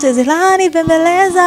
Tezilani pembeleza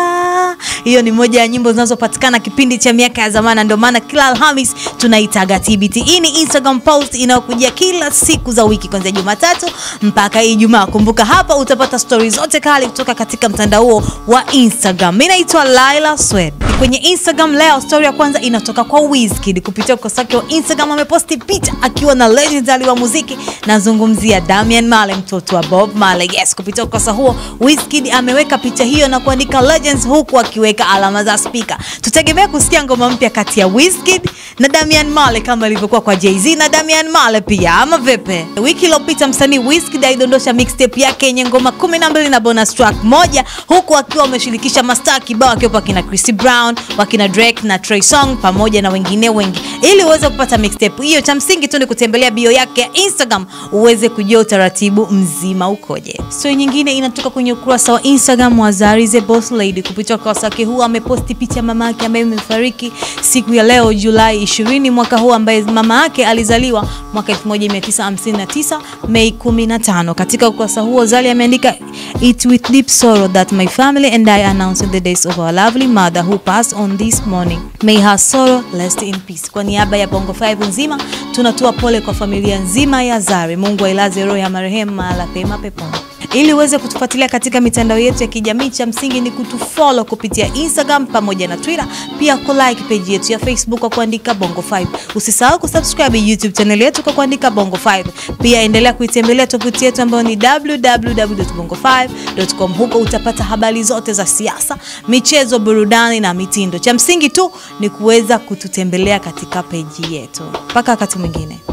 Hiyo ni moja ya nyimbo zinazopatikana kipindi cha miaka ya zamani, ndio maana kila Alhamis tunaitaga TBT. Hii ni Instagram post inayokuja kila siku za wiki kwanzia Jumatatu mpaka Ijumaa. Kumbuka hapa utapata stori zote kali kutoka katika mtandao huo wa Instagram. mi naitwa Laila Swed kwenye Instagram leo. Story ya kwanza inatoka kwa Wizkid kupitia ukurasa wake wa Instagram, ameposti picha akiwa na legendary wa muziki, nazungumzia Damian Marley, mtoto wa Bob Marley. Yes, kupitia ukurasa huo Wizkid ameweka picha hiyo na kuandika legends, huku akiweka alama za speaker. Tutegemea kusikia ngoma mpya kati ya Wizkid na Damian Marley kama ilivyokuwa kwa Jay-Z na Damian Marley pia, ama vipi? Wiki iliyopita msanii Wizkid aidondosha mixtape yake yenye ngoma 12 na bonus track moja, huku akiwa ameshirikisha mastaa kibao akiwepo akina Chris Brown Brown, wakina Drake na Trey song pamoja na wengine wengi ili uweze kupata mixtape hiyo cha msingi tu ni kutembelea bio yake ya instagram uweze kujua utaratibu mzima ukoje stori nyingine inatoka kwenye ukurasa wa instagram wa zari the boss lady kupitia ukurasa wake huu ameposti picha ya mama yake ambaye imefariki siku ya leo julai 20 mwaka huu ambaye mama yake alizaliwa mwaka 1959 mei 15 katika ukurasa huo zari ameandika it with deep sorrow that my family and i announced the days of our lovely mother who passed on this morning may her sorrow rest in peace kwani niaba ya Bongo 5 nzima tunatoa pole kwa familia nzima ya Zari. Mungu ailaze roho ya marehemu mahala pema peponi. Ili uweze kutufuatilia katika mitandao yetu ya kijamii, cha msingi ni kutufollow kupitia Instagram pamoja na Twitter, pia kulike page yetu ya Facebook kwa kuandika Bongo 5. Usisahau kusubscribe YouTube channel yetu kwa kuandika Bongo 5. Pia endelea kuitembelea tovuti yetu ambayo ni www.bongo5.com. Huko utapata habari zote za siasa, michezo, burudani na mitindo. Cha msingi tu ni kuweza kututembelea katika peji yetu. Mpaka wakati mwingine.